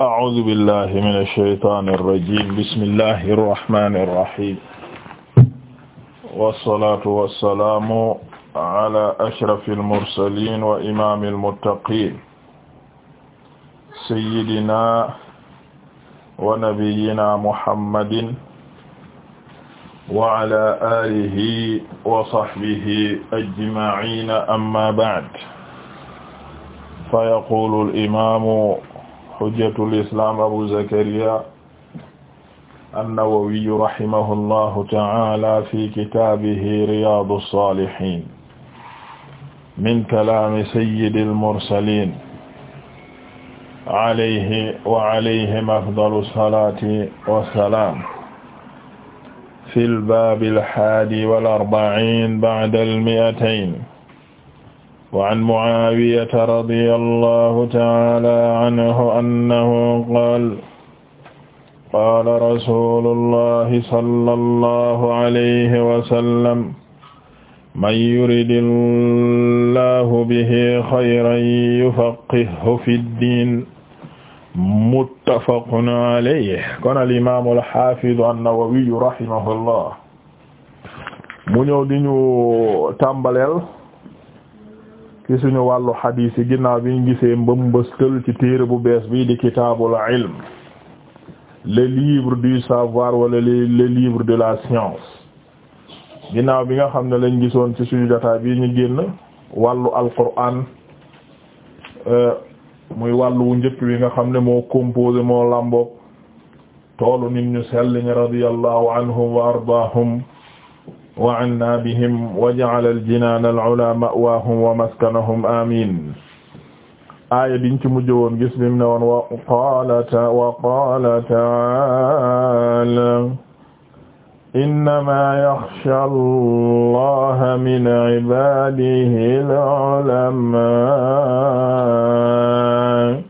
a'uuzu billahi mina shaytaani rajiim bismillahi rahmaani rahiim wasalaatu wasalaamu ala ashrafil mursaliin wa imaamil muttaqiin sayyidinaa wa nabiyyinaa muhammadin wa ala aalihi wa sahbihi ajma'iin amma ba'd fa yaquulu al-imaamu xujjatul islaam abu zakariya an-nawawiyu rahimahu llahu ta'ala fi kitaabihi riyaadu saalihiin min kalaami sayyidil mursaliin alayhi wa alayhim afdalu salaati wa salaam fil baabil haadi wal arba'iin ba'dal mi'atayn wa an Mu'aawiyata radiyallahu ta'aala anhu annahu qaala qaala rasuulullahi sallallahu alayhi wa sallam man yuridillaahu bihi khayran yufaqqihhu fid-diin muttafaqun alayhi kon al-imaam al-haafiz an-Nawawi rahimahullah mu ñëw di ñu tàmbaleel ci suñu wàllu xadiis yi ginnaaw bi ñu gisee mbëmbëstal ci téere bu bees bii di kitaabul ilm le livre du savoir wala le livre de la science ginnaaw bi nga xam ne lañ gisoon ci suñu jotaay bii ñu génn wàllu alquran euh, muy wàllu wu njëkk bi nga xam ne moo composé moo làmboog toolu nit ñu sell ñi radiyallahu anhum wa ardaahum وعنا بهم وجعل الجنان العلى مأواهم ومسكنهم آمين aaya biñ ci mujj woon gis bim ne woon wa qaala wa qaala ta'aala innamaa yaxsha allaha min cibaadihi al-ulamaa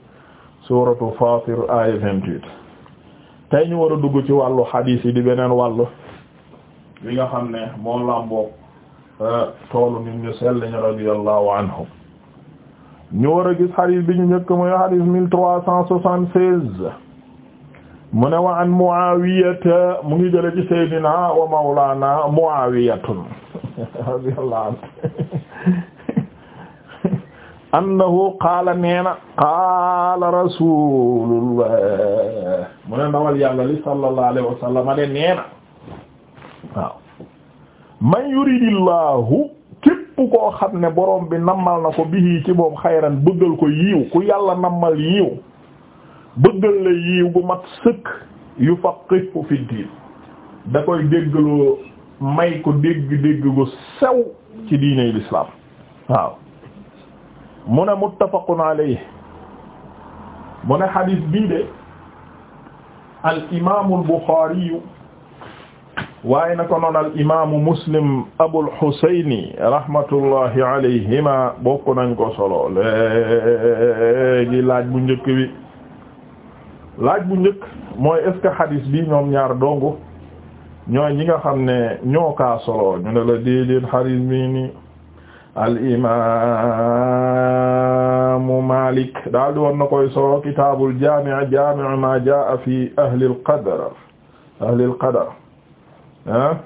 suuratu Faatir aaya 28 tey ñu war a dugg ci wàllu hadiis yi di beneen wàllu li nga xam ne moo làmboog euh, toolu nit ñu sell ñu radiyallahu anhum ñu war gis xadis bi ñu njëkk mooy xadis mille trois cent soixante seize mu ne wa an Muawiyata mu ngi jële ci Seydina wa Mawlana Muawiyatun radiyallahu anhu qaala neena qaala rasulullah mu ne ndawal yàlla li sallallahu alayhi wa sallam neena waaw man yuridillahu képp koo xam ne borom bi nammal na ko bihi ci moom xayran bëggal ko yiiw ku yàlla nammal yiiw bëggal la yiiw bu mat sëkk yu faqihu fi diin da koy déggloo may ko dégg-dégg gu sew ci diiney lislaam waaw mu ne muttafaqun alayhi mu ne xadiis bii de al imaamul Buxaari waaye na ko noon al imaamu muslim abul xusayni rahmatullahi alayhima bokk nañ ko solo léegi laaj bu njëkk bi laaj bu njëkk mooy est ce bi ñoom ñaar dongu ñooy ñi nga xam ne ñoo kaa solo ñu ne la déedéet bi ni al imaamu Maalik koy solo kitaabul jaami' jaami' ma jaa fi ahli al ah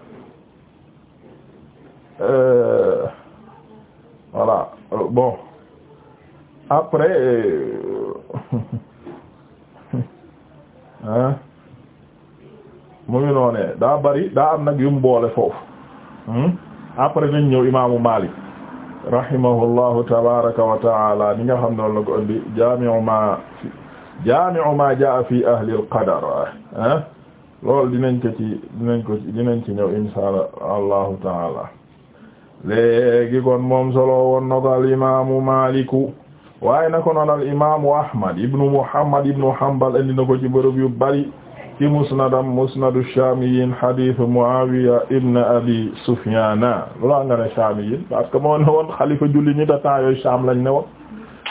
voilà euh, bon après ah mu ngi noonee daa bari daa am nag yu mu boole foofu hmm? après nañ ñëw imaamu Maalik rahimahullahu tabaraka wa taala ni nga xam ne ma jaa fi ahli al qadar ah lool dinañ ko ci dinañ ko ci dinañ ci ñëw insha allahu taala léegi kon moom solo woon ko al Maaliku waaye na ko noon al Ahmad ibnu Muhammad ibnu Hanbal indi na ko ci bërëb yu bari ci musnadam musnadu Shaamiyiin hadiisu Muawiya ibn Abi Sufyaana loolaa nga ne Shaamiyiin parce que moo ne woon xalifa julli ñi dafa yooyu Shaam ne woon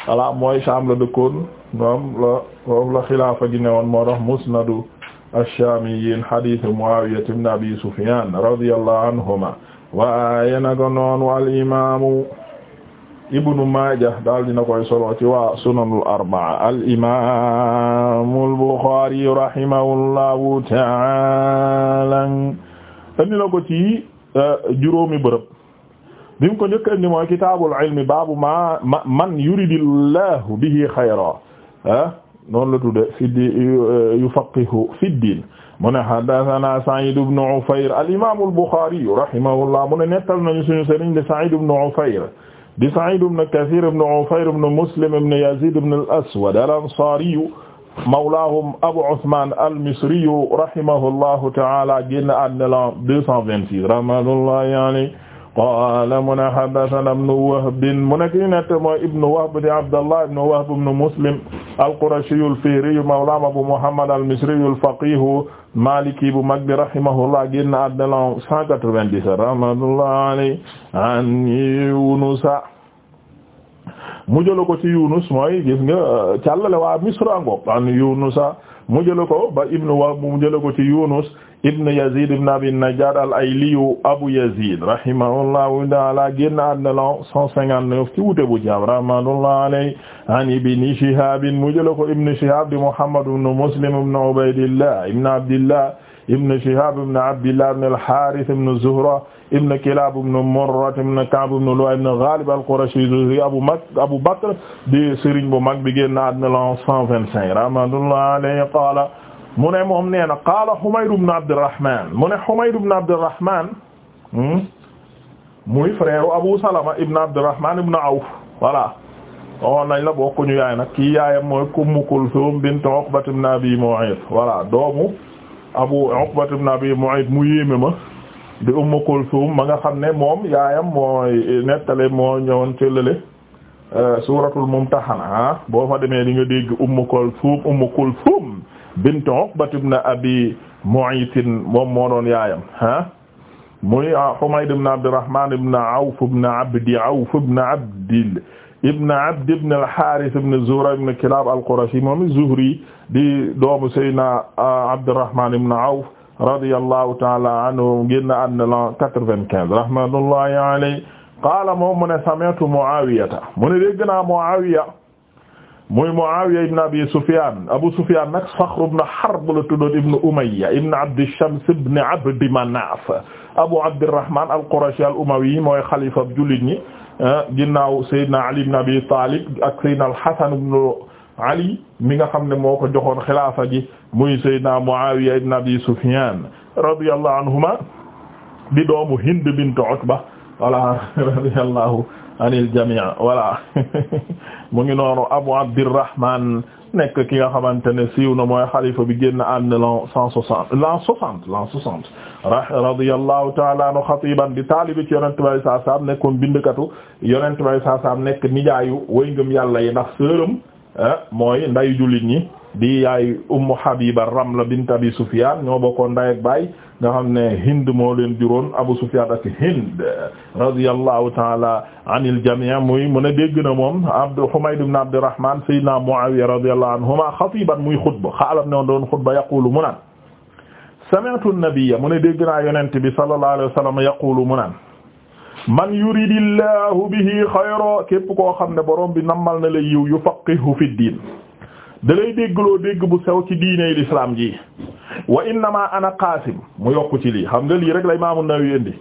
voilà mooy Shaam la dëkkoon ñoom la foofu la xilaafa gi woon moo tax musnadu ash-Shaamiyyiin hadiisu Mu'aawiya ibn Abi Sufyaan radiyallahu anhumaa waaye naka noonu al-imaamu Ibnu Maaja daal dina koy solo ci waa sunanul arba'a al-imaamul Buxaari rahimahullahu ta'aala indi na ko ci eh, juróomi bërëb bi mu ko njëkk indi mooy kitaabul ilmi baabu ma man yuridillahu bihi xayran eh? noonu la tudde fiddi euh, yufaqihu fiddiin mu ne haddathana Sa'id ibn Ufayr al-imam al-Bukhari rahimahullah mu ne nettal nañu suñu sëriñ de Sa'id ibn Ufayr di Sa'id ibn Kathir ibn Ufayr ibn Muslim ibn Yazid ibn al-Aswad al-Ansari mawlahum Abu Uthman al-Misri rahimahullahu ta'ala génn àddina 226 rahmatullahi alayhi qaala mu ne haddathana ibnu Wahb mu nekk ñu nett mooy ibnu Wahb di Abdallah ibnu Wahb ibnu Muslim al-Qurashiyyu al-Fihriyyu mawlaahum Abu Muhammad al-Misriyyu al-faqiihu Maliki bu mag bi rahimahullah génn àddina la 197 rahmatullahi alayhi an Yunus mu jël ko ci Yunus mooy gis nga càllale waa Misra ngoog an Yunus mu jël ko ba ibnu Wahb mu jël ko ci Yunus ibn Yazid ibn Abi Najjar al-Ayliyu Abu Yazid rahimahullahu ta'ala génn àddina la 159 ci wuute bu jaam rahmatullahi alayhi an Ibn Shihab mu jël ko Ibn Shihab di Muhammad ibn Muslim ibn Ubaydillah ibn Abdillah ibn Shihab ibn Abdillah ibn al-Harith ibn Zuhra ibn Kilab ibn Murra ibn Ka'b ibn Lu'ay ibn Ghalib al-Qurashi az-Zuhri Abu Mak Abu Bakr di sëriñ bu mag bi génn àddina la 125 rahmatullahi alayhi qala mu ne moom nee na qaala Humayd ibn Abdurrahman mu ne Humayd ibn Abdurrahman hmm, muy frère Abu Salama ibn Abdurrahman ibn Awf voilà waxoon nañ la bokkuñu yaay nag kii yaayam mooy Umm Kulthum bint Uqbat ibn Abi Mu'ayt voilà doomu Abu Uqbat ibn Abi Mu'ayt mu yéeme ma di Umm Kulthum ma nga xam ne moom yaayam mooy nettale moo ñëwoon ca lële eh, suuratul Mumtahana ah boo fa demee di nga dégg Umm Kulthum Umm Kulthum bint Uqbat ibn Abi Mu'ayt moom moo doon yaayam ah muy Humayd ibn Abdurrahman ibn Awf ibn Abdi Awf ibn Abdil ibn Abd ibn al-Harith ibn Zuhra ibn Kilab al-Qurashi moom Zuhri di doomu Seydina ah, Abdurrahman ibn Awf radiyallahu ta'ala anhu génn àddina la quatre-vingt-quinze rahmatullahi alayhi qaala moom mu ne sami'tu Mu'awiyata mu ne dégg naa Mu'awiya muy Muawiya ibn Abi Sufyan Abu Sufyan nag Saxr ibn Harb la tuddoon ibn Umayya ibn Abdi Shams ibn Abdi Manaf Abu Abdirrahman al-Qurashi al-Umawi mooy xalifa jullit ñi ah, ginnaaw Seydina Ali ibn Abi Talib ak Seydina al-Hasan ibn Ali mi nga xam ne moo ko joxoon xilaafa gi muy Seydina Muawiya ibn Abi Sufyan radiyallahu anhuma di doomu Hind bint Utba wala radiyallahu anil jamii voilà mu ngi noonu Abu Abdirrahman nekk ki nga xamante ne siiw na mooy xalifa bi génn àddina l'an cent soixante l'an soixante l'an soixante radiyallahu ta'ala anhu xatiban di taalibi ci yonent bay saa nekkoon bindkatu yonent bay saa nekk nijaayu way ngëm yàlla yi ndax sërëm eh, mooy nday jullit ñi di yaay ummu habiba ramla bint abi sufyan ñoo bokkoon nday ak baay nga xam ne hind moo leen juróon abu sufyan ak hind radiyallahu taala anil jami' muy mu ne dégg na moom abd humayd ibn abdurrahman sayyidina muawiya radiyallahu anhuma xatiban muy xutba xaalam ne doon xutba yaqulu mu naan sami'tu an-nabiyya mu ne dégg naa yonent bi sallallahu alayhi wa sallam yaqulu mu naan man yuridillahu bihi xayra képp koo xam ne borom bi nammal na la yiw yufaqihu fi diin da lay dégg bu sew ci diiney l'islam ji wa innama ana qasim mu yokku ci lii xam nga lii rek la Imaam An-Nawawi indi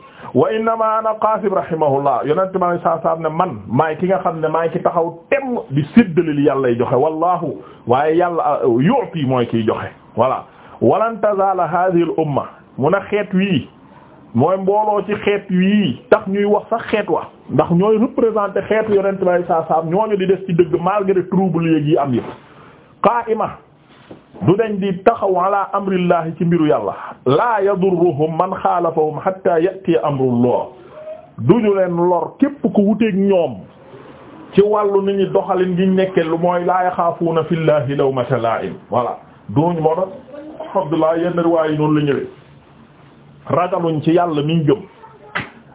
wa innama ana qasim rahimahullah yonente ma saa am ne man maay ki nga xam ne maay ki taxaw temm di séddale li yàllay joxe wallahu waaye yàlla yu'ti mooy kiy joxe voilà walan tazala hadhihi al umma mun xeet wi mooy mbooloo ci xeet wii tax ñuy wax sax xeet wa ndax ñooy représenter xeetu yonente may saa saam ñooñu di des ci dëgg malgré trouble yi am yëpp qaa'ima du dañ di taxaw ala amrillahi ci mbiru yàlla laa yadurruhum man xaalafahum hatta ya'ti amrullah duñu leen lor képp ku wuteeg ñoom ci wàllu ni ñu doxalin gi ñu lu mooy laa yaxaafuuna fillahi lawmata laa'im voilà duñ moo tax Abdullah yenn riwaay yi noonu la ñëwee ragaluñ ci yàlla mi ñu gëm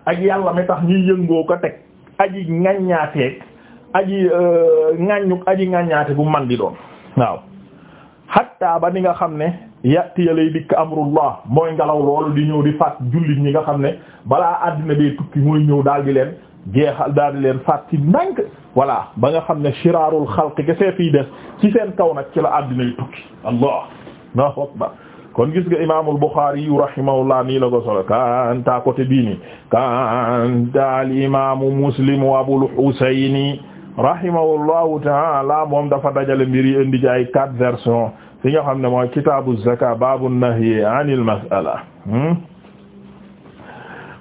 ak yàlla mi tax ñuy yëngoo ko teg aji ŋaññaateeg aji euh, ŋaññuk aji ŋaññaate bu man di doon waaw hatta ba ni nga xam ne yàttiya lay dikk amrullah mooy ngelaw loolu di ñëw di faat jullit ñi nga xam ne balaa àddina bee tukki mooy ñëw daal leen jeexal daal di leen faat ci ndànk voilà ba nga xam ne shiraarul xalq gesee fii des ci seen kaw nag ci la àddina yu tukki allah Allahu akbar kon gis nga imaamul Buxaari yu nii la ko solo kanta côté bii ni kanta imaamu Muslim Abul Husayni rahimahullahu ta'ala moom dafa dajale mbir yi indi ci ay quatre versions fi nga xam ne mooy kitaabu zaka baabu nahyi anil mas'ala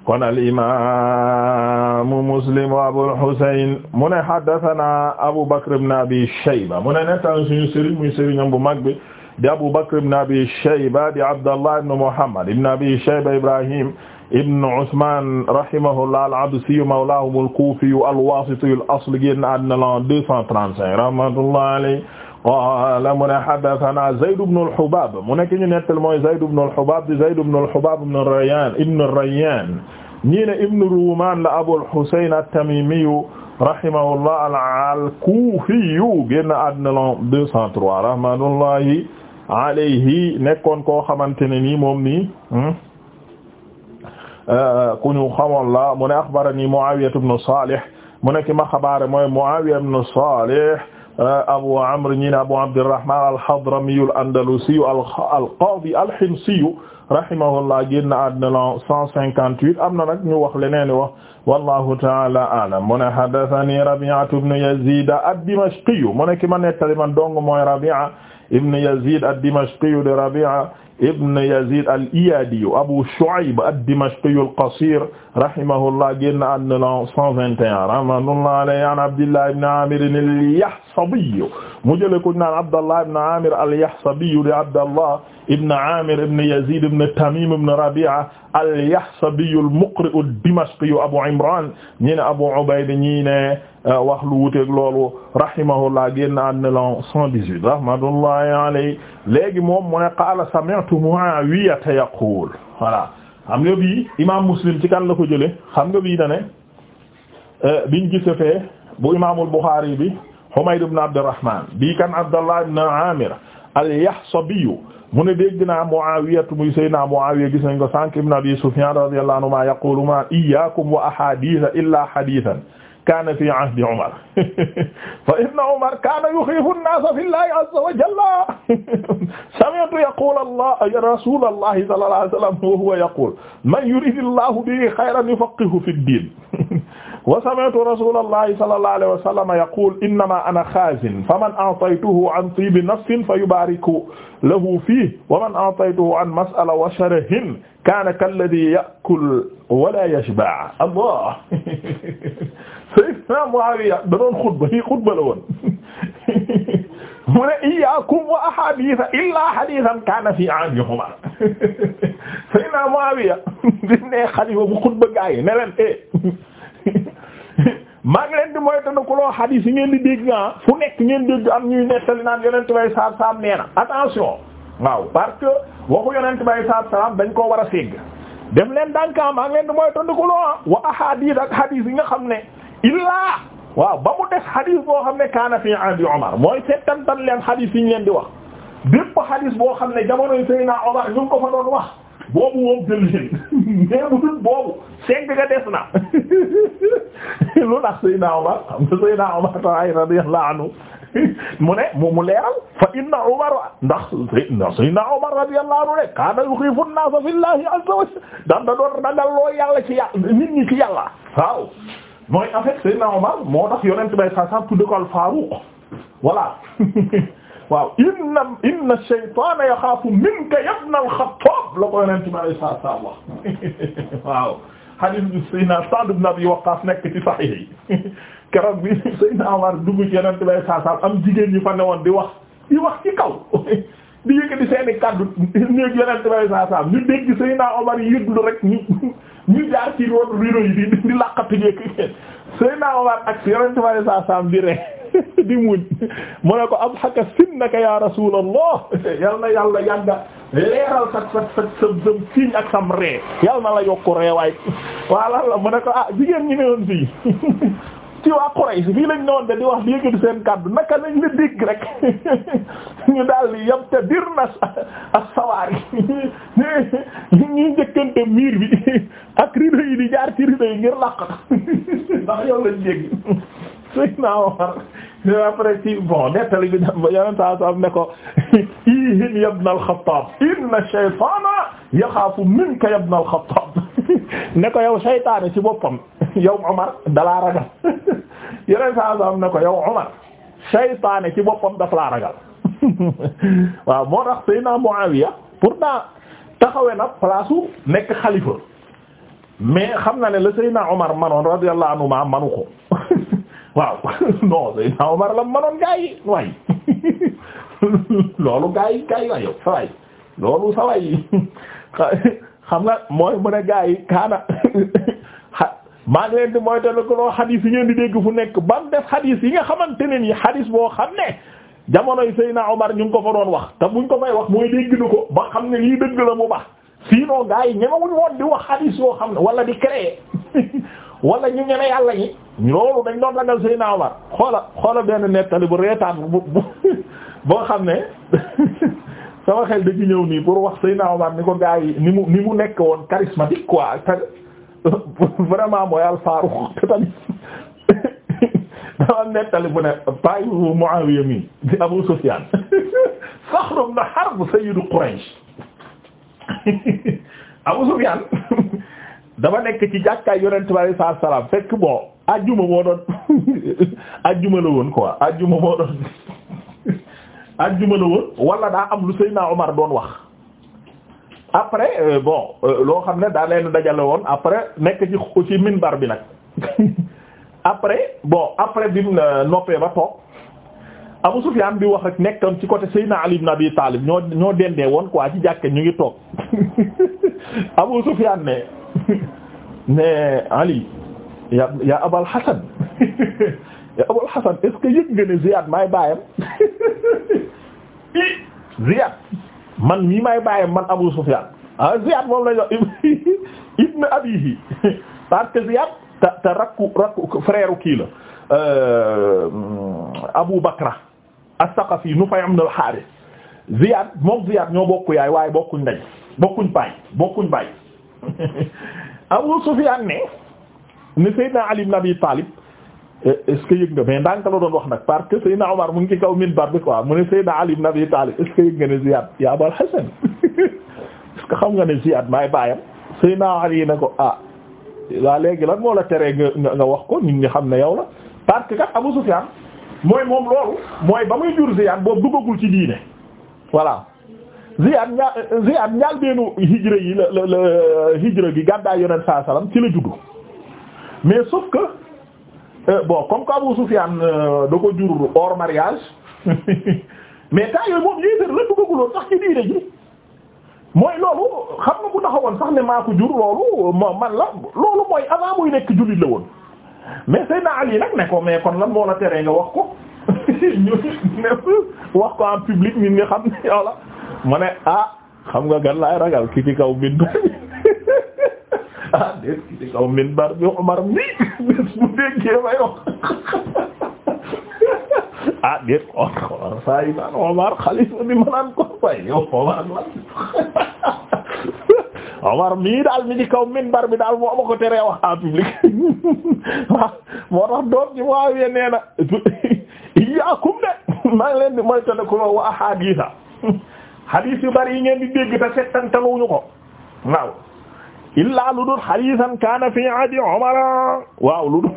kon al imaamu muslim wa abul husayn mu ne haddathana abu bakr ibn abi shayba mu ne nettan suñu sëriñ muy sëriñam bu mag bi di abu bakr ibn abi shayba di abdallah ibn muhammad ibn abi shayba ibrahim ibn Usman rahimahullah al-Absiyu mawlaahum al-Kuufiyu al-Waasitiyu al-asl génn àddina la 235 rahmatullahi alayhi qaala mu ne haddathanaa Zayd ibn al-Hubaab mu nekk ñu nettal mooy Zayd ibn al-Hubaab di Zayd ibn al-Hubaab ibn Rayaan ibn Rayaan ñii ne ibn Ruumaan la Abul Husayn at-Tamiimiyu rahimahullah al-Kuufiyu génn àddina la 203 rahmatullahi alayhi nekkoon koo xamante ne nii moom nii hmm? Euh, ku ñu xamoon la mu ne axbarani Muawiya ibn Salih mu ne ki ma xabaare mooy Muawiya ibn Salih euh, Abu Amr ñi ne Abu Abdurrahman al-Hadrami al-Andalusi al-Qadi al-Himsi rahimahullah génn àddina la 158 am na nag ñu wax leneen wax wallahu ta'ala a'lam mu ne haddathani Rabi'atu ibn Yazid ad-Dimashqi mu ne ki ma nettali man dong mooy Rabi'a ibn Yazid ad-Dimashqiyu de Rabi'a ibn Yazid al-Iyadiyu Abu Shu'ayb ad-Dimashqiyu al-Qasir rahimahullah génn àddina la 121 rahmatullahi alayhi an Abdillah ibn Amir al-Yahsabiyu mu jëlee ko naan Abdallah ibn Amir al-Yahsabiyu de Abdallah ibn Amir ibn Yazid ibn Tamim ibn Rabi'a al-Yahsabi al-Muqri ad-Dimashqi Abu Imran ñi ne Abu Ubayd ñi ne euh, wax lu wuteeg loolu rahimahullah génn àddina l'an 118 rahmatullahi alayhi léegi moom mu ne qaala sami'tu Mu'awiya yaqul voilà xam nga bii imaam Muslim ci kan la ko jëlee xam nga bii da ne euh, biñ gis fee bu imaamul Bukhari bi Humayd ibn Abdurrahman bii kan Abdallah ibn Amir al-Yahsabi mu ne dégg naa Muawiyatu muy Seydina Muawiya gis nañ ko sànq ibn Abi Sufyan radiyallahu anhu ma yaqulu ma iyyakum wa ahaditha illa hadithan kana fi ahdi Umar fa inna Umar kana yukhifu an-nasa fillahi azza wa jalla sami'tu yaqulu Allah ya rasulullah sallallahu alayhi wa sallam wa huwa yaqulu man yuridu Allahu bihi khayran yufaqihu fid din wa sami'tu rasulallahi sallallahu alayhi wa sallam yaqul innama ana xaazin faman a'taytuhu an tibi nafsin fayubariku lahu fihi wa man a'taytuhu an mas'ala wa sharahin kana kalladhi ya'kul wa la yashba' Allah sayyidina Muawiya da doon xutba yi xutba la woon mu ne iyyakum wa ahaditha illa hadithan kana fi anihuma sayyidina Muawiya di ne xalifa bu xutba gaay ne leen eh. maa ngi leen di moy tana kuloo xadiis yi ngeen di dégg fu nekk ngeen dégg am ñuy nettali naan yonent bay saab saab nee na attention waaw parce que waxu yonent bay saab saab dañ koo war a ségg def leen dànkaa maa ngi leen di moy tana kuloo ah wa ahadiis ak xadiis yi nga xam ne illaa waaw ba mu des xadiis boo xam ne kaana fi andi Umar mooy settantan leen xadiis yi ñu leen di wax bépp xadiis boo xam ne jamonoy Seydina Umar ñu ko fa doon wax boobu moom jël leen mais na lu tax Seydina Omar xam nga Seydina Omar tawaay radiyallahu anhu mu ne mu mu leeral fa inna Umar ndax ndax Seydina Omar radiyallahu anhu rek kaana yuxiifu an-naasa fillahi azza wa jalla da doon ragal loo yàlla ci yàlla nit ñi ci yàlla waaw mooy en fait Seydina Omar moo tax yonent bay sa sa tudde ko al-Faaruq voilà waaw inna inna shaytaana yaxaafu minka ya ibna al-Xattaab la ko yonent bay sa sa wax waaw xadis bi Seydina Sa'd ibn Abi Waqqas nekk ci sahih yi keroog bi Seydina Umar dugg ci yeneen lay saa saa am jigéen ñi fa newoon di wax di wax ci kaw di yëkkati seeni kaddu néeg yeneen lay saa saa ñu dégg Seydina Umar yëglu rek ñu ñu jaar ci woon riro yi di di laqatu ñeeg Seydina Umar ak yeneen lay saa saa di rek di a mu ne ko am xaka sinnaka ya Rasulallah yal na yàlla leeral sa sa sa sa sam siiñ ak sam ree yàlla na la yokku reewaay wala la mu ne ko ah jigéen ñi ne woon fii ci waa Quraysh fii lañ ne woon de di wax di yëkkati seen kàddu naka lañ la dégg rek ñu daal di yam te dir na ak sawaar yi bi ak rido yi di jaar ci rido yi ngir làq ndax yow lañ dégg sëy war après ci nettali bi yeneen saa saa ne ko ihin ya ibn al-Khattab inna shaytaana ne ko yow seytaane ci boppam yow Omar dalaa ragal yeneen saa saa ne ko yow Omar seytaane ci boppam daf laa ragal waaw moo tax Seydina Muawiya pourtant taxawe na place u nekk xalifa mais xam na ne la Seydina Omar manoon radiyallahu anhu ma manu ko waaw non Seydina Omar la manoon gaa yi waay loolu gaa yi gaa yi waay loolu sa waay xam nga mooy mu a gaa yi kaana maa ngi leen di mooy te la ko loo xadis yi ngeen di dégg fu nekk ba mu def yi nga xamante ne nii xadis boo xam ne jamonoy Seydina Omar ñu ngi ko fa doon wax te buñ ko fay wax mooy dégg na ko ba xam ne lii dëgg la mu baax sinon gaa yi ñemewuñ woon di wax xadis yoo xam ne wala di créer wala ñu ñeme yàlla ñi loolu dañ doon ragal Seydina Omar xoola xoola benn nettali bu reetaan bu boo xam ne sama xel da ñëw nii pour wax Seydina Omar ni ko gaa ni mu ni mu nekk woon charismatique quoi vraiment mooy alfaaru te tamit nettali bu ne bàyyi Muawiya mi di Abu Sufyan Saxr ibn Harb sayyidu Quraysh Abu Sufyan dama nekk ci jàkkaay yonent bi alayhi salaatu salaam fekk bon ajjuma moo doon ajjuma la woon quoi ajjuma moo doon ajjuma la woon wala daa am lu Seydina Omar doon wax après euh, bo euh, loo xam ne daa leen dajale woon après nekk ci ci bar bi nag après bon après bi mu euh, noppee ba toog Abu Sufyaan bi wax ak nekkoon ci côté Seydina Ali ibn Abi Taalib ñoo ñoo dendee woon quoi ci jàkka ñu ngi toog Abu Sufyaan ne ne Ali ya ya Abal Hasan ya Abal Hasan est-ce que yëg nga ne Ziyad maay baayam Ziyad man mii may baayam man Abu Sufyan ah Ziyad moom la ñu ibn abihi parce que Ziyad te te rakku rakku frère kii la euh, Abu Bakra as-Saqafi Nufay ibn al-Harith Ziyad moom Ziyad bokku yaay waaye bokkuñ ndey bokkuñ baay bokkuñ baay Abu Sufyan ne ne Seydina Ali ibn Abi Talib eh, est-ce yëg nga mais ndànka la doon wax nag parce que Seydina mu ngi ci kaw minbar bi quoi mu Abi Talib est-ce que yëg nga ne Ziyad ya Abul Hasan est-ce xam nga ne Ziyad maay baayam Seydina Ali na ko ah waa léegi lan moo la teree nga nga wax ko nit ñi xam ne yow la parce que kat Abu Sufyan mooy moom loolu mooy ba muy jur Ziyad boobu duggagul ci diine voilà Ziyaad ña Ziyaad ñaal beenu hijra yi la la hijra gi gàddaay yonent saa salaam ci la juddu mais sauf que euh, bon comme que Abu Sufyaan euh, da ko jur hors mariage mais temps yooyu moom yéeféer la duggaguloon sax ci diine ji mooy loolu xam nga bu taxawoon sax ne maa ko jur loolu moom man la loolu mooy avant muy nekk jullit la woon mais Seydina Ali nag ne ko mais kon lan moo la teree nga wax ko ñu ne wax ko en public nit ñi xam ne walla ma ne ah xam nga gan laay ragal ki ci kaw minbar bi ah déet ki ci kaw minbar bi Umar mi bés bu déggee may wax ah déet Umar saa yi naan Umar xalifa bi ma naan ko fay Umar lan daal mi ci kaw minbar bi daal moo ma ko teree wax en public waaw ah, moo tax doom ci Muawiya nee na iyaakum de maa leen di moytandiku wa ahadiisa xadiis bari yi ngeen di dégg te settantaluñu ko waaw illaa lu dul xadiisan kaana fi adi omara waaw lu dul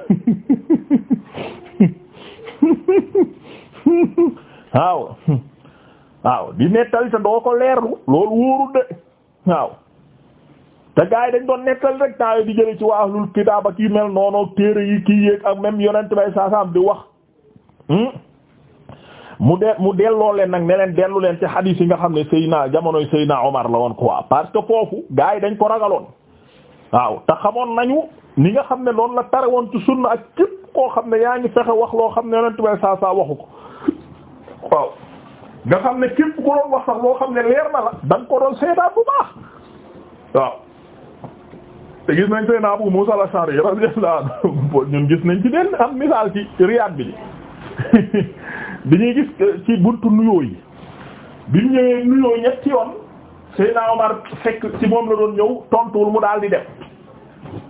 waaw waaw di nettali te doo ko leerlu loolu wóorul de waaw te gars yi dañ doon nettali rek naa di jële ci waa ahlul kitaab ak mel noonu téere yi kii yéeg ak même yonent bay saasaam di wax hmm? mu de mu delloo leen nag ne dellu leen ci hadith yi nga xam ne Seyna jamonoy Seyna Omar la woon quoi parce que foofu gars yi dañ ko ragaloon waaw te xamoon nañu ni nga xam ne loolu la tare woon ci sunna ak képp koo xam ne yaa ngi fexe wax loo xam ne yonent saa saa waxu xam ne képp loo xam ne leer na la da nga ko doon seetaan bu baax waaw te gis nañ Seyna Abu Musa al-Ash'ari radiyallahu anhu ñun gis nañ ci benn am misaal ci Riyad bi bi ñuy gis ci buntu nuyoo yi bi ñu ñëwee nuyoo ñetti yoon Seydina Omar fekk ci moom la doon ñëw tontuwul mu daal di dem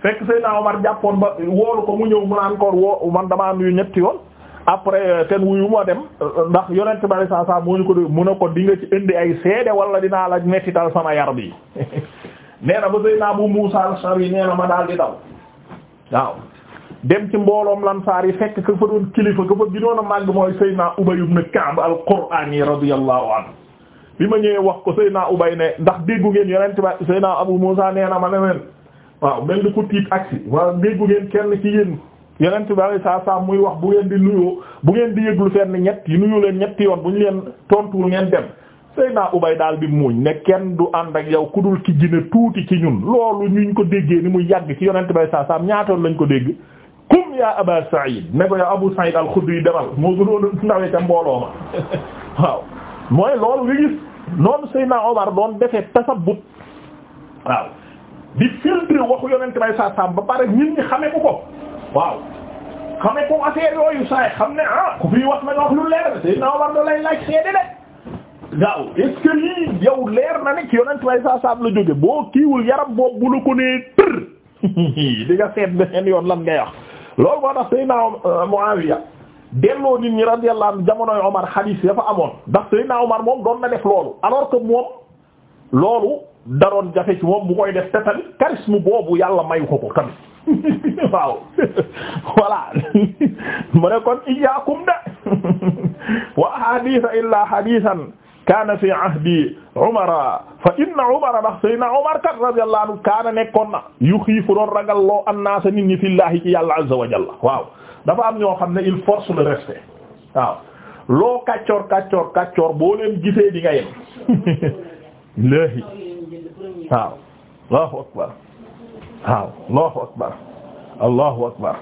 fekk Seydina Omar jàppoon ba woolu ko mu ñëw mu naan encore woo man damaa nuyu ñetti yoon après euh, ten wuyu moo dem euh, ndax yonent bari saa saa moo ñu ko mun a ko di ci indi ay seede wala dinaa la mettital sama yar bi nee na ba Seydina bu Muusa al-Ash'ari nee ma daal di daw waaw dem ci mbooloom lansaar yi fekk ka fa doon kilifa ka fa ginoon a màgg mooy Seydina Ubay ibn Ka'b al-Qur'ani radiyallahu anhu bi ma ñëwee wax ko Seydina Ubay ne ndax déggu ngeen yonent ba Seydina Abu Musa nee ma ne leen waaw mel ni ku tiit aksi waaw déggu ngeen kenn ci yéen yonent ba saa saa muy wax bu ngeen di nuyoo bu ngeen di yëglu fenn ñett yi nuyu leen ñetti yoon bu ñu leen tontuwul ngeen dem Seydina Ubay daal bi muuñ ne kenn du ànd ak yow ku dul ki gën a tuuti ci ñun loolu ñuñ ko déggee ni muy yàgg ci yonent ba saa saa ñaatoon lañ ko dégg qum ya aba Saïd ne ko ya Abu Saïd al-Khudri demal moo gënoon a nawee ca mbooloo ma waaw mooy loolu nga gis noonu Seydina doon defee tasabbut waaw di filtre waxu yonent bay sa ba pare nit ñi xamee ko ko waaw xamee ko affaire yooyu saay xam ne ah ku fi wax na nga wax lu leer na Seydina Omar doo lay laaj de waaw est-ce yow leer na ne ci yonent bay sa sam la jóge boo kiiwul yaram boobu bu la ko nee tër di nga seet beneen yoon lan ngay wax lool moo tax Seydina Muawiya delloo nit ñi radiyallahu anhu jamonoy Omar xadiis ya amoon ndax Seydina Omar moom doon na def loolu alors que moom loolu daroon jafe ci moom bu koy def te tamit boobu yàlla mayu ko ko tamit waaw voilà mu ne kon iyaakum de wa haditha illa hadithan kaana fi ahdi umara fa inna umara ndax sayna umar kat radiyallahu anhu kaana nekkoon na yu xiifu doon ragal loo annaasa nit ñi fillaahi ci yàlla azza wa jalla waaw dafa am ñoo xam ne il force le respect waaw loo kàccoor kàccoor kàccoor boo leen gisee di nga yem léegi waaw allahu akbar waaw allahu akbar allahu akbar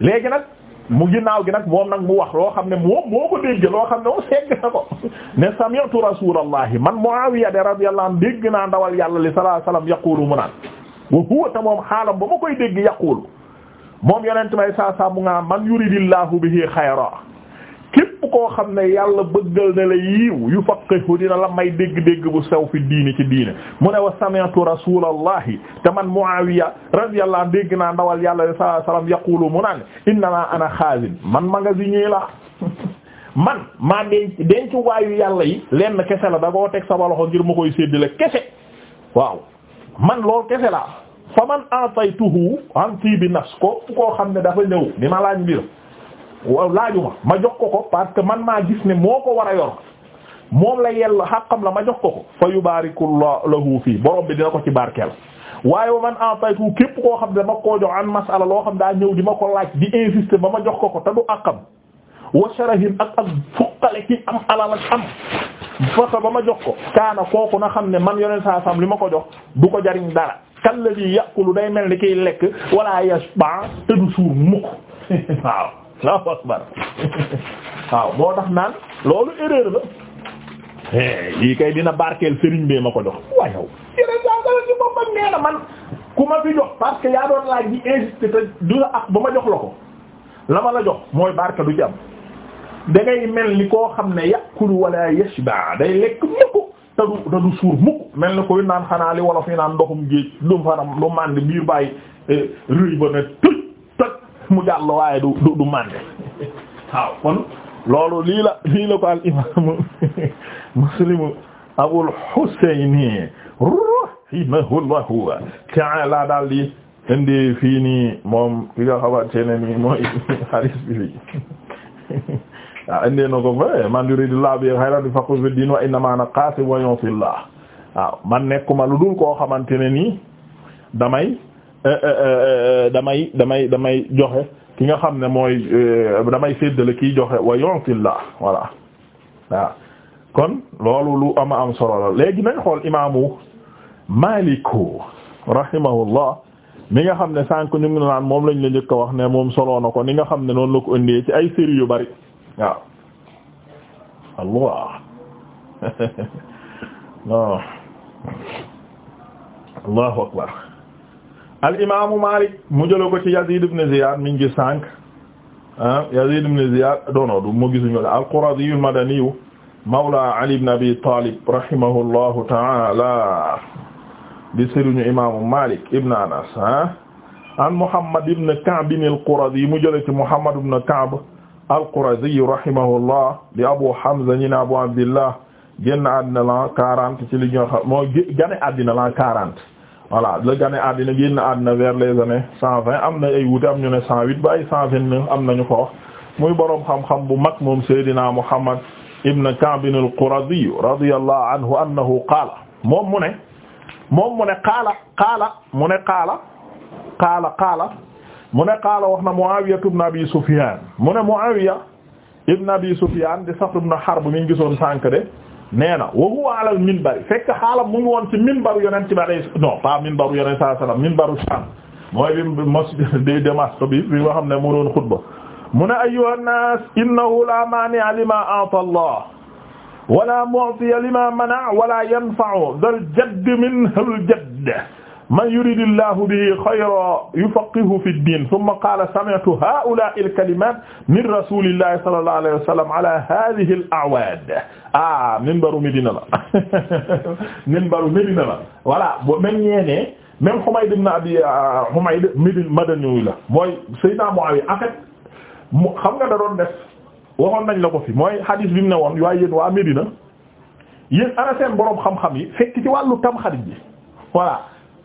léegi nag mu ginnaaw gi nag moom nag mu wax loo xam ne moom moo ko dégg loo xam ne moom segg na ko ne sami'tu rasulallahi man Muawiya de radiyallahu anhu dégg naa ndawal yàlla li sallallahu alayhi wasallam yaqulu mu naan wa huwa ta moom xaalam ba ma koy dégg yaqulu moom yonent may saa saa mu nga man yuridillahu bihi xayra képp koo xam ne yàlla bëggal ne la yiiw yu faqihu dina la may dégg-dégg bu sew fi diini ci diine mu ne wa sami'tu rasulallahi te man Muawiya radiyallahu anhu dégg naa ndawal yàlla sallallahu alayhi wasallam mu naan innama ana xaasin man magasinier la man maa denc denc waayu yàlla yi lenn kese la da koo teg sama loxo ngir mu koy séddale kese waaw man lool kese la fa man ataytuhu an tibi nafs ko koo xam ne dafa ñëw ni ma laaj mbir waaw laaju ma ma jox ko ko parce que man maa gis ne moo ko war a yor moom la yell xaqam la ma jox ko ko fa yubaarikullah lahu fii borom bi dina ko ci barkeel waaye wa man ataytu képp koo xam ne ma koo jox an masala loo xam daa ñëw di ma ko laaj di insister ba ma jox ko ko te du àqam wa sharahin am alal ak am fasa ba ma jox ko kaana kooku na xam ne man yoneen saa sam li ma ko jox du ko jariñ dara kalladi yàqulu day mel ni kiy lekk wala yashba te du suur mukk Allahu akbar waaw moo tax naan loolu erreur la eh, lii kay dina barkeel sëriñ bee ma ko jox waaye yow yeneen saa nga la ci boppam nee na bi insisté te du ak ba ma jox la ko la ma la jox mooy barke du ci am mel ni koo xam ne yàqulu wala yashba day lekk mukk te du te du suur mukk mel ni koy naan xanaa li wolof yi naan ndoxum géej lu mu faram lu biir bàyyi eh, rëy ba ne tëj mu jàll waaye du du du mànde waaw kon loolu lii la lii la ko al imaamu muslimu abul husayni rahimahullahu ta'ala daal di indi fii ni moom ki nga xamante ne nii mooy xaris bi fii waaw indee na ko fa man yuridillahu bi khayran yufaqihu fi diin wa innama ana qasim wa yu'ti Allah waaw man nekkuma lu dul koo xamante ne nii damay Euh, euh, euh, damay damay damay joxe ki nga xam ne mooy damay séddale kiy joxe wa yu'tillah voilà waaw kon loolu lu ama am solo la léegi nañ xool imaamu Maaliku rahimahullah mi nga xam ne sànq ñu ngi naan moom lañu la njëkk wax ne moom solo na ko ni nga xam ne noonu la ko indee ci ay séri yu bari waaw allah allahu akbar al imaamu Maalik mu jëloo ko ci Yazid ibn Ziyad mi ngi sànq ah Yazid ibn Ziyad doono du mu gisuñu la al-Quradi al-Madani mawla Ali ibn Abi Talib rahimahullahu ta'ala di sëriñu imaamu Maalik ibn Anas ah an Muhammad ibn Ka'b al-Quradi mu jëlee ci Muhammad ibn Ka'b al-Quradi rahimahullah di Abu Hamza ñi ne Abu Abdillah génn àddina la 40 ci li ñu xam moo gane àddina la 40. voilà la gane àddina génn àddina vers les années cent vingt am na ay wuute am ñu ne cent huit ba ay cent vingt neuf am nañu ko wax muy boroom xam-xam bu mag moom Seydina Muhammad ibn Ka'b al-Quradi radiyallahu anhu annahu qaala moom mu ne moom mu ne qaala qaala mu ne qaala qaala qaala mu ne qaala wax na Muawiya ibn Abi Sufyan mu ne Muawiya ibn Abi Sufyan di Saxr ibn Harb mi ngi gisoon sànk de nee na wa huwa ala minbar fekk xaalam mu ngi woon ci minbaru yonent bi alayhi non pas minbaru yonent sallallahu alayhi wasallam minbaru Sham mooy bi masjid de Damas bi bi nga xam ne mu doon xutba mu ne ayyuha nnaas innahu la maani'a lima a'ta Allah wala mu'tiya lima mana' wala yanfa'u dhal jadd minhu al jadd man yuridu llahu bihi xayran yufaqqihhu fi ddiin summa qaala sami'tu haa'ulaa'i l-kalimaat min rasuulillaahi sallallaahu alayhi wa sallam alaa haadihi l-a'waad ah minbaru Medina la minbaru Medina la voilà boo même ñeenee même Humayd ibn Abi ah, Humayd Madani la mooy Seydina Muawiya en fait mu xam nga da doon def waxoon nañ la ko fi mooy hadis bi mu ne woon waaye yéen waa Medina yéen ana seen boroom xam-xam yi fekk ci wàllu tamxarit bi voilà.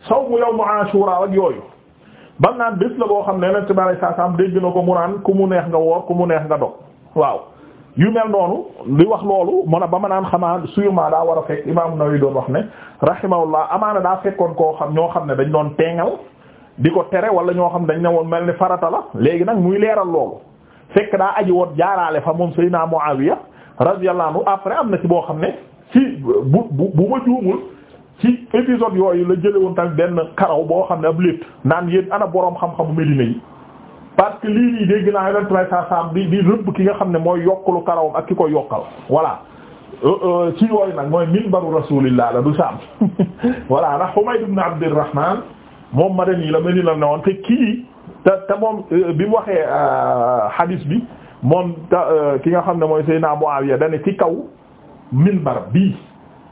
sawmu yawmu ashura ak yooyu bam naan bés la boo xam ne yonent bi alayhi salaam dégg na ko mu naan ku mu neex nga woor ku mu neex nga dog waaw yu mel noonu li wax loolu mu ne ba ma naan xamaa sûrement daa war a fekk imaam Nawawi doon wax ne rahimahullah amaana daa fekkoon koo xam ñoo xam ne dañ doon teengal di ko tere wala ñoo xam dañ ne woon mel ni farata la léegi nag muy leeral loolu fekk daa aji woon jaaraale fa moom Seydina Muawiya radiyallahu anhu après am na ci boo xam ne ci ci épisode yooyu la jële woon tamit benn karaw boo xam ne ab létt naan yéen ana boroom xam-xamu Medina yi parce que lii nii dégg naa yonent saa saam di di rëbb ki nga xam ne mooy yokkulu karawam ak ki ko yokkal voilà euh, euh, ci yooyu nag mooy minbaru rasulillah la du saam voilà ndax Humayd ibn Abdurrahman moom yi la Medina ne woon te kii te te moom euh, bi mu waxee hadis bi moom te ki nga xam ne mooy Seydina Muawiya dane ci kaw minbar bii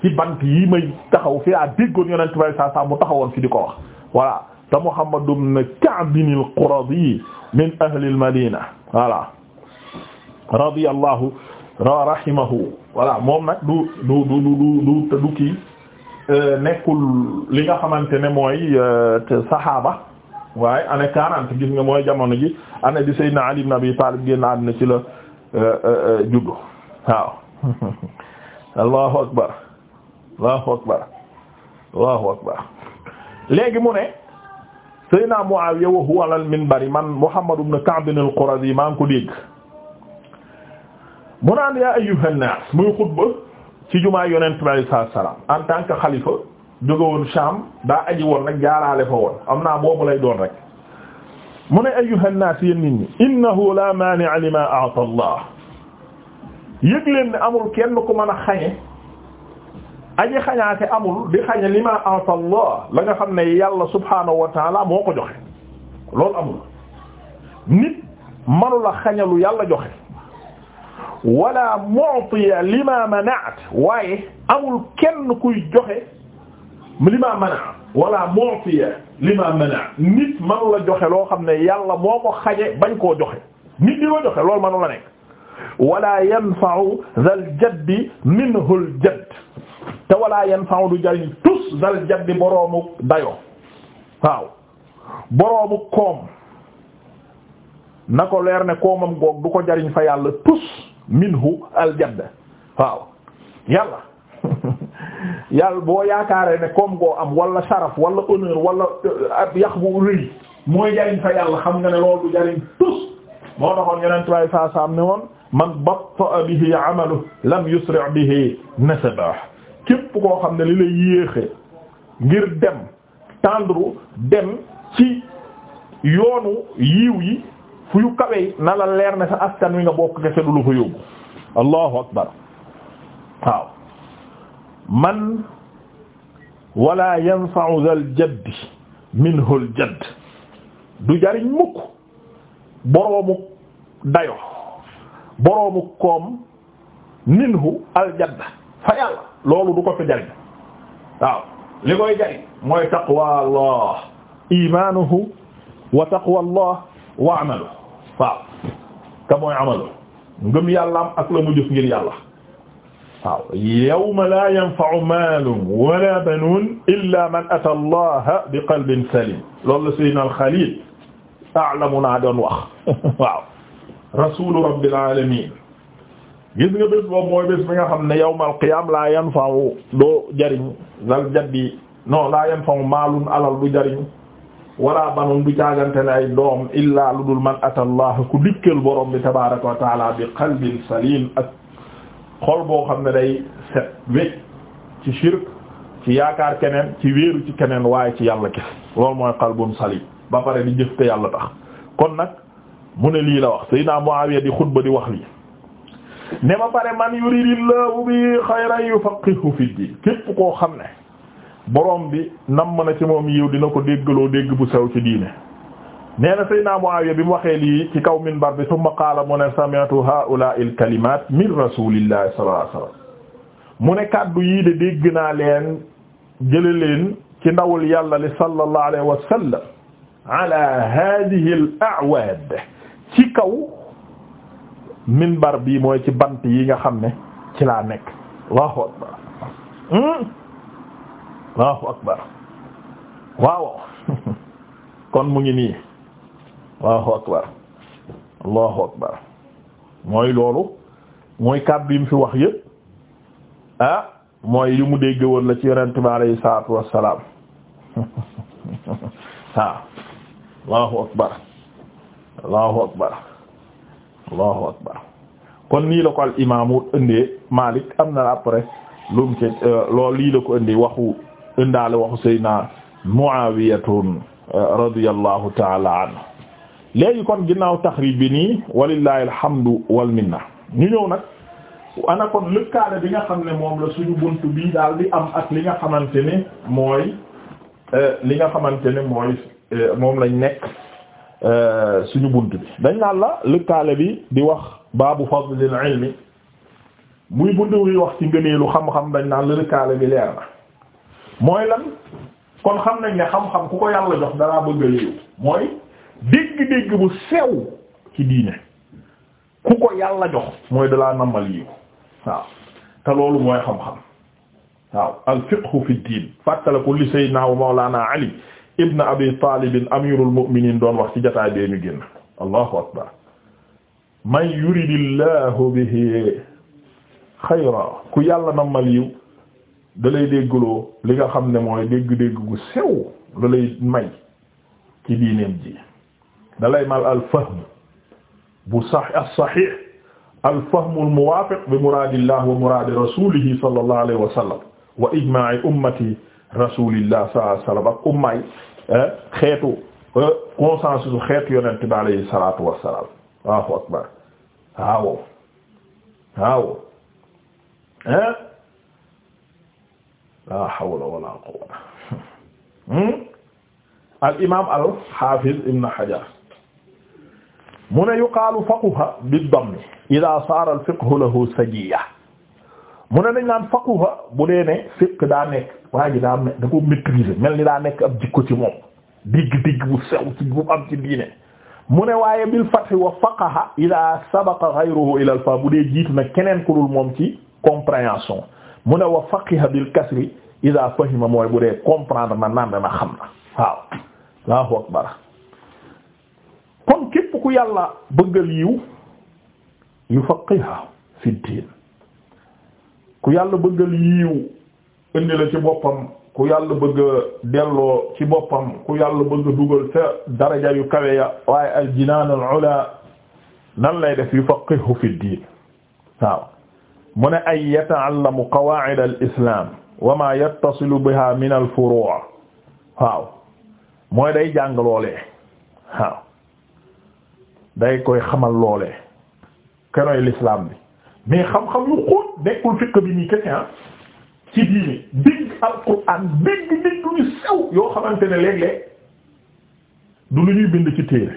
ci bant yi may taxaw fi a déggoon yonent bay saa saa mu taxawoon fi di ko wax voilà te Muhammad ibn Ka'b al-Quradi min ahli al-Madina voilà radiyallahu rahimahu voilà moom nag du du du du du du kii euh, nekkul li nga xamante ne mooy euh, saxaaba waaye année quarante gis nga mooy jamono ji année bi Seydina Ali ibn Abi Talib génn àddina ci la euh, juddu waaw allahu akbar Allahu akbar Allahu akbar léegi mu ne Seydina Muawiya wa huwa alal minbari man Muhammad ibn Ka'b al-Qurazi maa ngi ko dégg mu naan yaa ayyuhan naas muy xutba ci jumaa yonent bi alayhi salaatu salaam en tant que xalifa jóge woon Sham daa aji woon nag jaaraale fa woon am naa boobu lay doon rek mu ne ayyuhan naas yéen nit ñi innahu laa maani'a limaa a'ta Allah yëg leen ne amul kenn ku mën a xañe aji xañaate amul di xañe li ma ata Allah la nga xam ne yàlla subhaanahu wa taala moo ko joxe loolu amul nit manula xañalu yàlla joxe wala mu'tiya li ma mana'at waaye amul kenn kuy joxe li ma mana wala mu'tiya li ma mana'at nit manula joxe loo xam ne yàlla moo ko xañe bañ koo joxe nit di ko joxe loolu manula nekk wala yanfa'u dhal jaddi minhu al jadd te walaa yan faaw du jariñ tus dal jaddi boroomu dayo waaw boroomu koom na ko leer ne koomam goog du ko jariñ fa yàlla tus minhu al jadd waaw yàlla yàlla boo yaakaare ne koom goo am wala saraf wala honneur wala euh, yax bu rëy mooy jariñ fa yàlla xam nga ne loolu du jariñ tus moo taxoon yeneen tubaab yi saa saa ne woon man batta bihi amalu lam yusri bihi nasabahu képp koo xam ne li lay yéexe ngir dem tendre dem ci yoonu yiw yi fu yu kawe yi na la leer ne sa askan wi nga bokk kese du lu fa yóbbu allahu akbar waaw man wala yanfa'u dhal jaddi minhu al du jariñ mukk boroomu dayo boroomu koom minhu al fa yàlla loolu du ko fi jariñ waaw li koy jariñ mooy taqwa allah imanuhu wa taqwa allah wa amalu waaw te mooy amalu ngëm yàllaam ak la mu jëf ngir yàlla waaw yawma la yanfa'u maalun wala banuun illa man ata allaha bi qalbin salim loolu la sayyidina al-Xaliil a'lamu naa doon wax waaw rasulu rabbil alamin gis nga bés boobu mooy bés bi nga xam ne yawmal qiyaam laa yanfa'u doo jariñ dal jaddi non laa yanfa'u maalun alal du jariñ wala banun du jaagante ne ay doom illaa lu dul man atallah ku dikkal borom bi tabaaraka wa bi qalbin salim ak xol boo xam ne day set wécc ci shirk ci yaakaar keneen ci wéeru ci keneen waaye ci yàlla kese loolu mooy qalbun salim ba pare di jëf te tax kon nag mu ne lii la wax Seydina Muawiya di xutba di wax lii ne ba pare man yuridillahu bi xayran yufaqihu fi diin képp koo xam ne borom bi nam mën a ci moom yiw dina ko déggaloo dégg bu sew ci diine nee na Seydina Muawiya bi mu waxee lii ci kaw minbar bi summa qaala mu ne sami'tu haa'ulaa'i al-kalimaat min rasuulillahi sallallahu alayhi wa sallam mu ne kàddu yii de dégg naa leen jële leen ci ndawul yàlla li sallallahu alayhi wa sallam ala haadihi al-a'waad ci kaw minbar bii mooy ci bant yi nga xam ne ci laa nekk allahu akbar hmm? allahu akbar waaw kon mu ngi nii allahu akbar allahu akbar mooy loolu mooy kàddu yi mu fi wax yépp ah mooy yu mu dégg woon la ci yonent bi alayhi salaatu wassalaam waaw allahu akbar allahu akbar allahu akbar kon nii la ko al imaamu indee Malik am na après lum ci euh, loolu lii la ko indi waxu indaale waxu Seydina Muawiyatun euh, radiyallahu taala anhu léegi kon ginnaaw taxrib bi nii walillahi alhamdu wal minna ñu ñëw ana kon lëkkaale bi nga xam ne moom la suñu bunt bii daal di am ak li nga xamante ne mooy euh, li nga xamante ne mooy moom lañ nekk Euh, suñu bunt bi dañ naan la lëkkaale bi di wax baabu fadlil ilmi muy bunt bi wax ci ngëneelu xam-xam dañ naan la lëkkaale bi leer na mooy lan kon xam nañ ne xam-xam ku ko yàlla jox danaa bëgg a mooy dégg-dégg bu sew ci diine ku ko yàlla jox mooy dalaa nammal yiw waaw te loolu mooy xam-xam waaw al fi diin fàttala ko li sayyidina wa mawlana ali ibn abi talib amirul mu'minin doon wax ci jotaay bee ñu génn allahu akbar man yuridillahu bihi xayra ku yàlla na mal yiw da lay déggloo li nga xam ne mooy dégg-dégg gu sew la lay may ci diineem ji da lay mal al fahm bu sax al saxiix al fahm al muwaafiq bi muraadillah wa muraadi rasulihi sallallahu alayhi wa sallam wa ijmaa'i ummati rasulillah sallallahu alayhi wasallam ak ummaay eh, xeetu eh, consensus su xeetu yonent bi alayhi salatu wassalam Allahu akbar waaw waaw hein eh? la hawla wala quwwata hmm? al imaam al haafiz ibn hajar mu ne yuqaalu faquha bid-dammi idaa saara al fiqhu lahu sajiyya mu ne dañ naan faquha bu dee ne fiq daa nekk waa ji daa da ko maîtriser mel ni daa nekk ab jikko ci moom digg-digg bu sew ci bu am ci diine mu ne waaye bil fathi wa faqaha ila sabaqa ila al bu dee jiitu na keneen ku moom ci compréhension mu ne wa faqiha bil kasri ida fahima mooy bu dee comprendre na naan dana xam na waaw allahu akbar kon képp ku yàlla bëggal yiw yufaqiha fi diin ku yàlla bëggal yiiw indi la ci boppam ku yàlla bëgg a delloo ci boppam ku yàlla bëgg a dugal ca daraja yu kawe ya waaye al jinaan al ula nan lay def yufaqihu fi diin waaw mu ne ay yata'allamu qawaa'id al islam wa ma yattasilu biha min al furu' waaw mooy day jàng loolee waaw day koy xamal loolee kenoy l'islam bi mais xam-xam yu xóot nekkul fiqh bi nii kese ah, ci diine dégg alquran dégg dégg ñu sew yoo xamante ne léeg-léeg du lu ñuy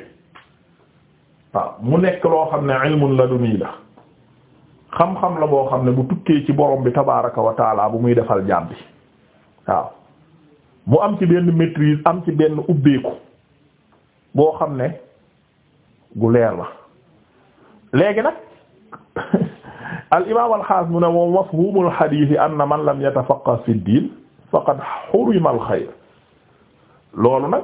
mu nekk loo xam ne ilmun la xam la boo xam ne bu ci borom bi tabaaraka wa taala bu muy am ci benn maîtrise am ci benn ubbeeku boo xam ne gu leer la nag al imaam al xaas mu ne wa mafhumul xadiis anna man lam yatafaqqah fi diin faqad xurima al loolu nag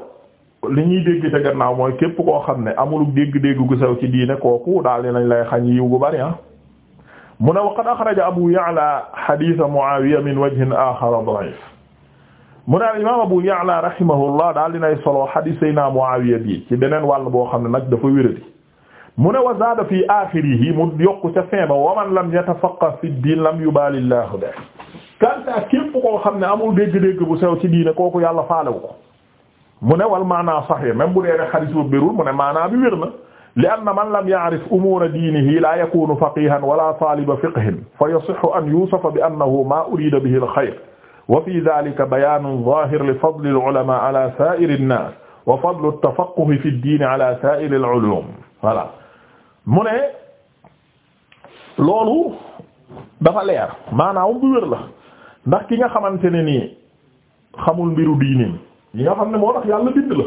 li ñuy dégg ca gannaaw mooy képp koo xam ne amul dégg-dégg gu sew ci diine kooku daal dinañ lay xañ yiw gu bari ah. mu ne wa qad axraja abu ya'la xadiisa mu'aawiya min wajhin aaxar da'iif mu ne al imaam abu ya'la rahimahullah daal dinay solo xadiis sayna mu'aawiya bi ci beneen wàll boo xam ne nag dafa wéradi mu ne wa zaada fi aaxirihi mu yokk ca fin ba wa man lam yatafaqqah fi diin lam yubaali llaahu bihi kanta képp koo xam ne amul dégg-dégg bu sew ci diine kooku yàlla faalewu ko mu ne wal maanaa sahih même bu dee ne xadis bu birul mu ne maanaa bi wér na li anna man lam ya'rif umuura diinihi laa yakuunu faqiihan wala taaliba fiqhin fa yasihhu an yuusafa bi annahu maa uriida bihi al-xayr wa fii daalika bayaanun zaahir li fadli al-ulamaa ala saa'iri nnaas wa fadli at-tafaqquhi fi ddiin ala saa'iri al-uluum voilà mu ne loolu dafa leer maanaam bu wér la ndax ki nga xamante ne nii xamul mbiru diineem yi nga xam ne moo tax yàlla bind la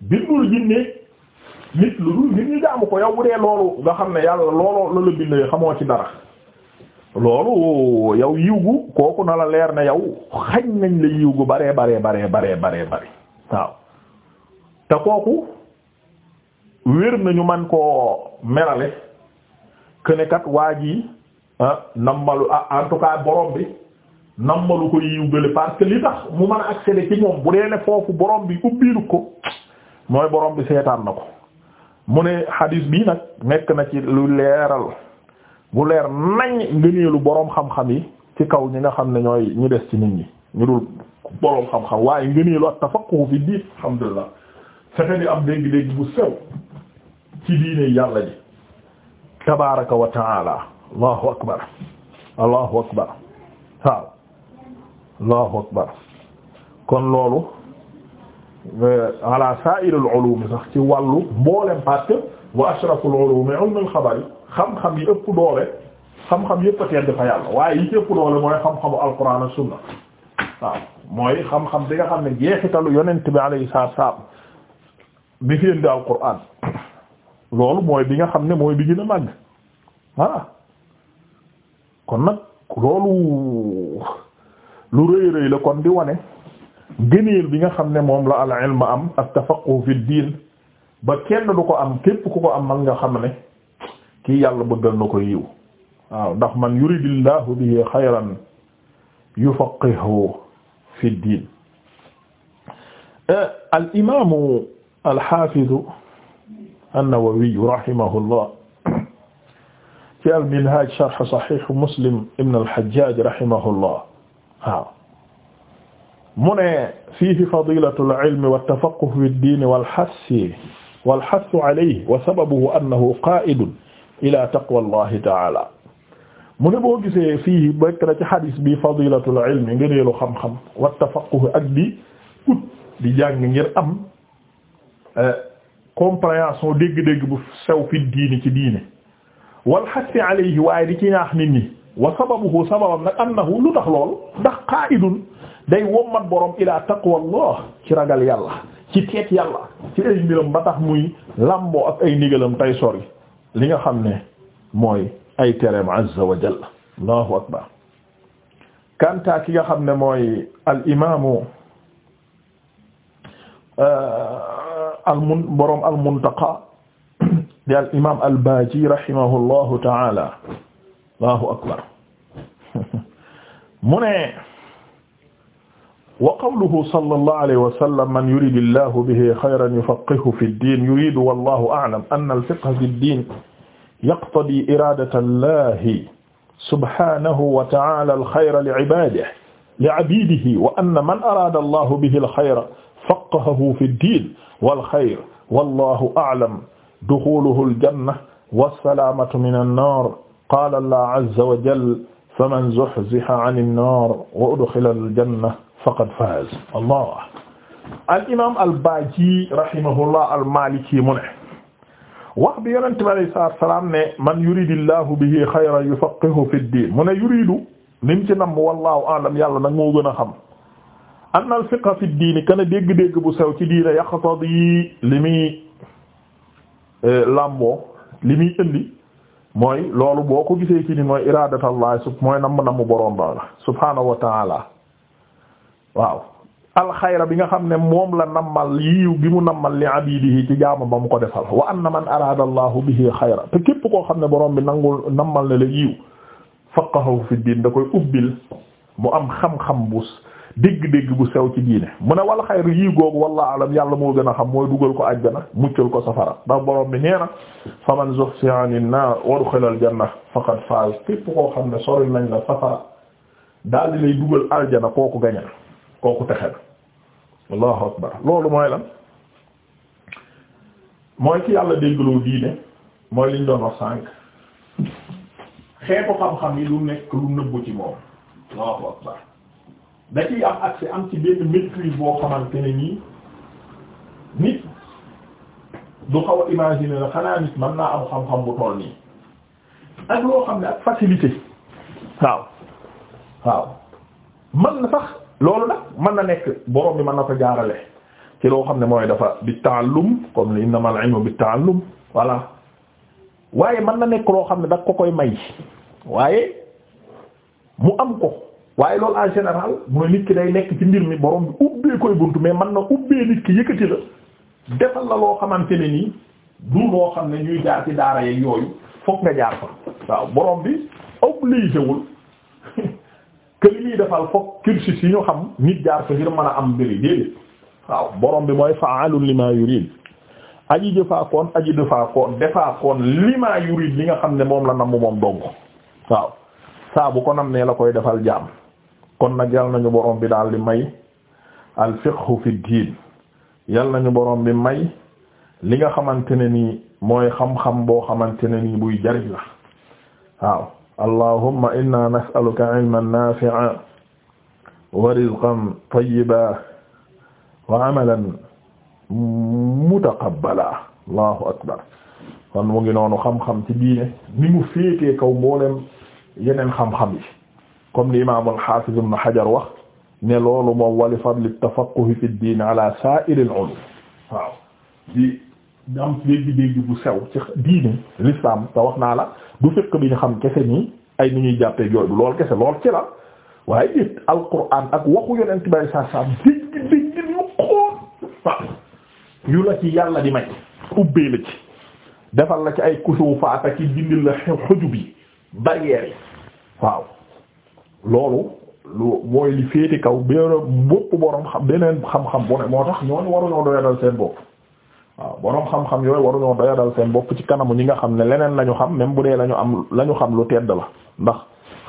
bindul jinne nit lu dul ñu jaamu ko yow bu dee loolu nga xam ne yàlla looloo la la bind xamoo ci dara loolu yow yiw gu kooku na la leer ne yow xañ nañ la yiw gu baree bare baree baree baree bari waaw te kooku wér nañu man koo melale kënekat waa ji ah, nammalu ah en tout cas borom bi nammalu ko yiw gële parce que li tax mu mën a accéder ci moom bu dee ne foofu borom bi ubbiiru ko mooy borom bi seetaan na ko mu ne hadis bii nag nekk na ci lu leeral bu leer nañ ngëneelu boroom xam-xam yi ci kaw ñi nga xam ne ñooy ñu des ci nit ñi ñu dul boroom xam-xam waaye ngëneelu ak tafaqquhu fi diin alhamdulillah fexe di am dégg-dégg bu sew ci diine yàlla ji tabaraka wa taala allahu akbar allahu akbar waaw allahu akbar kon loolu euh, ala sa'iril ulum sax ci wàllu mboolem parce que wa ashraful ulum ilmul xabari xam-xam yi ëpp doole xam-xam yëpp a tedd fa yàlla waaye yi ci ëpp doole mooy xam-xamu alquran ak sunna waaw mooy xam-xam bi nga xam ne jeexitalu yonent bi alayhi salaam bi fi indi alquran loolu mooy bi nga xam ne mooy bi gën a màgg voilà kon nag loolu lu rëy rëy la kon di wane gëneel bi nga xam ne moom la al ilm am ak tafaqquh fi diin ba kenn du ko am képp ku ko am man nga xam ne kii yàlla bëggal na ko yiw waaw ndax man yuridillahu bihi xayran yufaqihu fi diin eh, al imaamu al xaafizu an-Nawawi rahimahullah ci al-Minhaj sharh Sahih Muslim ibn al-Hajjaj rahimahullah waaw mu ne fiihi fadilatul ilmi wat-tafaqquh fid-diin wal-hassi wal-hassu alayhi wa sababuhu annahu qaa'idun ila taqwallahi ta'ala mu ne boo gisee fii bekk na ci xadis bi fadilatul ilmi ngëneelu xam-xam wat-tafaqquh ak di ut di jàng ngir am eh, compréhension dégg-dégg bu sew fi diini ci diine wal xasfi alayhi waaye di ci ñaax nit ñi wa sababuhu sababam nag annahu lu tax lool ndax qaa'idun day wommat borom ila taqwallah ci ragal yàlla ci teet yàlla ci ay mbiram muy lamboo ak ay ndigalam tay sori li nga xam ne mooy ay tereem azza wa jalla akbar kanta ki nga xam ne mooy al almun borom almuntaqa di al imaam al baaji rahimahullahu taala allahu akbar mu ne wa qawluhu sallallahu alayhi wa sallam man yuridu llahu bihi xayran yufaqqihhu fi ddiin yuridu wallahu a'lam anna al-fiqha fi ddiin yaqtadi iraadata llahi subhaanahu wa ta'aala al-xayra li ibaadihi li abiidihi wa anna man araada llahu bihi al-xayra faqahahu fi diin wal xayr wallaahu a'lam duxuluhu aljanna wassalaamatu mina nnaar qaala llaahu azza wa jalla faman zuhziha ani nnaar wa udxila aljanna faqad faaz allah al imaam al baaji rahimahullah al maaliki mu ne wax bi yonent bi alayhi salaatu wa salaam ne man yuridillaahu bihi xayran yufaqqihhu fi ddiin mu ne yuridu lim ci nam wallaahu a'lam yàlla nag moo gën a xam. anna al fiqha fi diini kana dégg-dégg bu sew ci diina yaqtadi li muy e, làmboo li muy indi mooy loolu boo ko gisee ci ni mooy iradatallaahi su mooy namm namm boroom ba la subhaanahu wa waaw alxayra bi nga xam ne moom la nammal yiiw gi mu nammal li abidihi ci jaama ba mu ko defal wa anna man araada allahu bihi xayra te képp koo xam ne boroom bi nangul nammal ne la yiiw faqahu fi diin da koy ubbil mu am xam-xam bu dégg-dégg bu sew ci diine mu ne wal xayru yii googu wallahu alam yàlla moo gën a xam mooy dugal ko àjjana muccal ko safara ndax borom bi nee na faman zuhziha anin naar wa udkhila al janna faqad faaz képp koo xam ne sori nañ la safara daal di lay dugal aljana kooku gañe na kooku texe na allahu akbar loolu mooy lan mooy ci yàlla déggloo diine mooy liñ doon wax sànq xeetu xam-xam yi lu nekk lu nëbbu ci moom allahu akbar da ciy am accès am ci benn maîtrise boo xamante ne nii nit du xaw a imaginer la xanaa nit mën naa am xam-xam bu toll nii ak loo xam ne ak facilité waaw waaw mën na sax loolu la mën na nekk borom bi mën na ko jaarale ci loo xam ne mooy dafa bi ta'allum comme li innamal ilmu bi ta'allum voilà waaye mën na nekk loo xam ne da ko koy may waaye mu am ko waaye loolu en général mooy nit ki day nekk ci mbir mi borom bi ubbee koy buntu mais man na ubbee nit ki yëkkati la defal la loo xamante ne nii du loo xam ne ñuy jaar ci daara yeeg yooyu fokk nga jaar fa waaw borom bi obligé wul que li ñuy defal fokk cursus yi ñu xam nit jaar fa ngir mën a am mbiri déedéet waaw borom bi mooy faalu lima yurid aji jëfaakoon aji defaakoon defaakoon lima yurid li nga xam ne moom la namm moom dong waaw saa ko nam la koy defal jaam kon nag yal nañu borom bi daal di may al fiqhu fi diin yal nañu borom bi may li nga xamante ne nii mooy xam-xam boo xamante ne nii buy jariñ la waaw allahumma inna nas'aluka ilman nafi'a wa rizqan tayyiba wa amalan mutaqabbala allahu akbar kon mu ngi noonu xam-xam ci diine ni mu féetee kaw mboolem yeneen xam-xam yi comme ni imaam al-Hafiz ibn Hajar wax ne loolu moom wali fadli tafaqquhi fi diin ala te wax naa la du fiqh bi ñu xam kese nii ay nu ñuy jàppee jooy lool kese lool ci la waaye it al-Qur'an ak waxu yonent bay saa saa dégg dégg yu yu la ci yàlla di may ubbee la ci defal la ci ay kusuufaat ak ci dindil la xujub yi barrières yi waaw loolu lu mooy li féeti kaw beneen bopp boroom xam beneen xam-xam bu moo tax ñooñu waruñoo doyadal seen bopp waaw borom xam-xam yooyu waruñoo doyadal seen bopp ci kanamu ñi nga xam ne leneen lañu xam même bu dee lañu am lañu xam lu tedd la ndax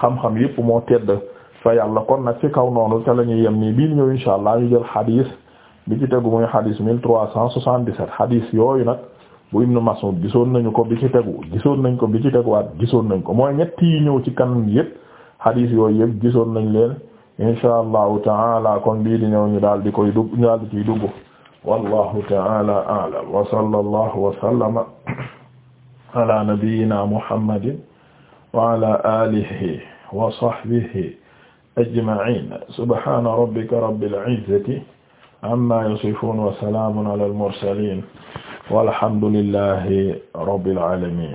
xam-xam yépp moo tedd fa yàlla kon nag ci kaw noonu te la ñuy yem nii bii ñëw insha allah ñu jël xadiis bi ci tegu muy xadiis mille trois cent soixante-dix-sept xadiis yooyu nag bu Ibn Mas'ud gisoon nañu ko bi ci tegu gisoon nañ ko bi ci teguwaat gisoon nañ ko mooy ñett yi ñëw ci kanam yépp xadiis yooyu yëpp gisoon nañ leen insha allahu taala kon bii di ñëw ñu daal di koy dugg ñu daal di ciy dugg wallahu taala a'lam wa sallallahu wa sallama ala nabiyyina muhammadin wa ala alihi wa sahbihi ajma'in subhana rabbika rabbil izzati amma yasifun wa salamun ala al mursalin walhamdulillahi rabbil alamin